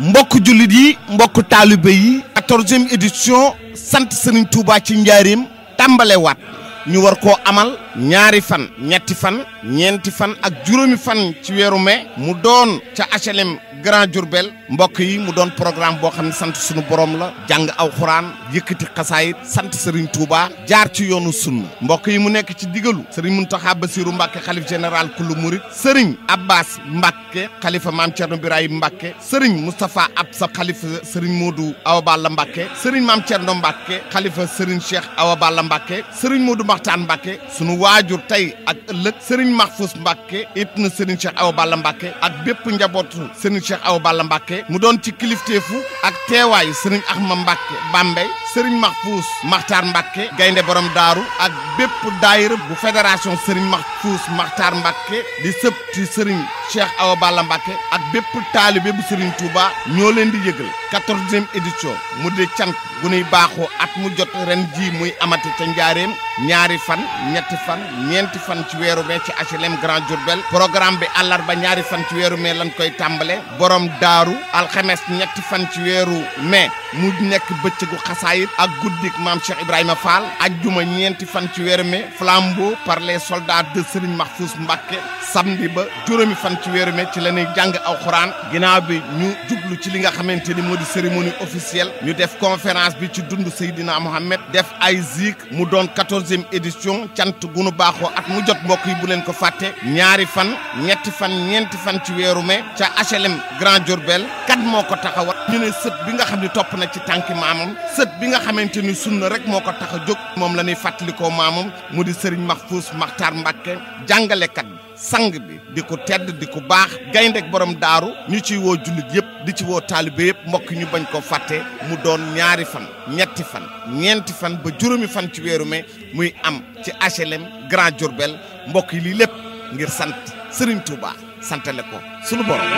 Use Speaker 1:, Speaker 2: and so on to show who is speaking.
Speaker 1: mbokk jullit yi mbokk taaliba yi quatorzième édition sant Serigne Touba ci njaareem tàmbalewaat ñu war ko amal ñaari fan ñetti fan ñeenti fan ak juróomi fan ci weeru mai mu doon ca HLM grand Diourbel mbokk yi mu doon programme boo xam ne sant sunu borom la jàng aw xuraan yëkkati xasaayit sant Serigne Touba jaar ci yoonu sunna mbokk yi mu nekk ci digalu Serigne Mountakha Bassirou Mbacké xalif général kullu murit Serigne Abbas Mbacké xalifa maam Thierno Birahim Mbacké Serigne Moustapha Absa xalifa Serigne Modou Awa Balla Mbacké Serigne maam Thierno Mbacké xalifa Serigne Cheikh Awa Balla Mbacké Serigne Modou Maxtaan Mbacké sunu waajur tey ak ëllëg Serigne Mahfous Mbacké ibn Serigne Cheikh Awa Balla Mbacké ak bépp njabootu Cheikh Awa Balla mu doon ci kilifteefu ak teewaayu Serigne Axma Mbacke Bambey sëriñ Mahfous Makhtar Mbacke gaynde borom daaru ak bépp daayira bu fédération sëriñ Mahfous maxtar Mbacke di sëb ci sëriñ Cheikh Awa Balla Mbacke ak bépp taalibe bu sëriñ Touba ñoo leen di yëgal quatorzième édition mu di cant gu nuy baaxoo at mu jot ren jii muy amati ca njaareem ñaari fan ñetti fan ñeenti fan ci weeru mai ci HLM Grand Diourbel programme bi àllarba ñaari fan ci weeru mai lañ koy tàmbale borom daaru alxemes ñetti fan ci weeru mai mu nekk bëccëgu Mouride ak guddik maam Cheikh Ibrahima Fall ajjuma ñeenti fan ci weeru mai flambeau par les soldats de Serigne Mahfous Mbacké samedi ba juróomi fan ci weeru mai ci la ñuy jàng aw xuraan ginnaaw bi ñu jublu ci li nga xamante ni moo di cérémonie officielle ñu def conférence bi ci dund Seydina Mohamed def ay zik mu doon quatorzième édition cant gunu baaxoo at mu jot mbokk yi bu leen ko fàtte ñaari fan ñetti fan ñeenti fan ci weeru mai ca HLM Grand Diourbel kat moo ko taxawal ñu ne sët bi nga xam ne topp na ci tànki nga xamante ni sunna rek moo ko tax a jóg moom la ñuy fàttalikoo maamam mu di sëriñ Mahfous Makhtar Mbacké jàngalekat bi sang bi di ko tedd di ko baax gayndek boroom daaru ñu ciy woo jullit yépp di ci woo taalibe yëpp mbokk ñu bañ ko fàtte mu doon ñaari fan ñetti fan ñeenti fan ba juróomi fan ci weeru mai muy am ci HLM Grand Diourbel mbokk yi lii lépp ngir sant sëriñ Touba santale ko sunu borom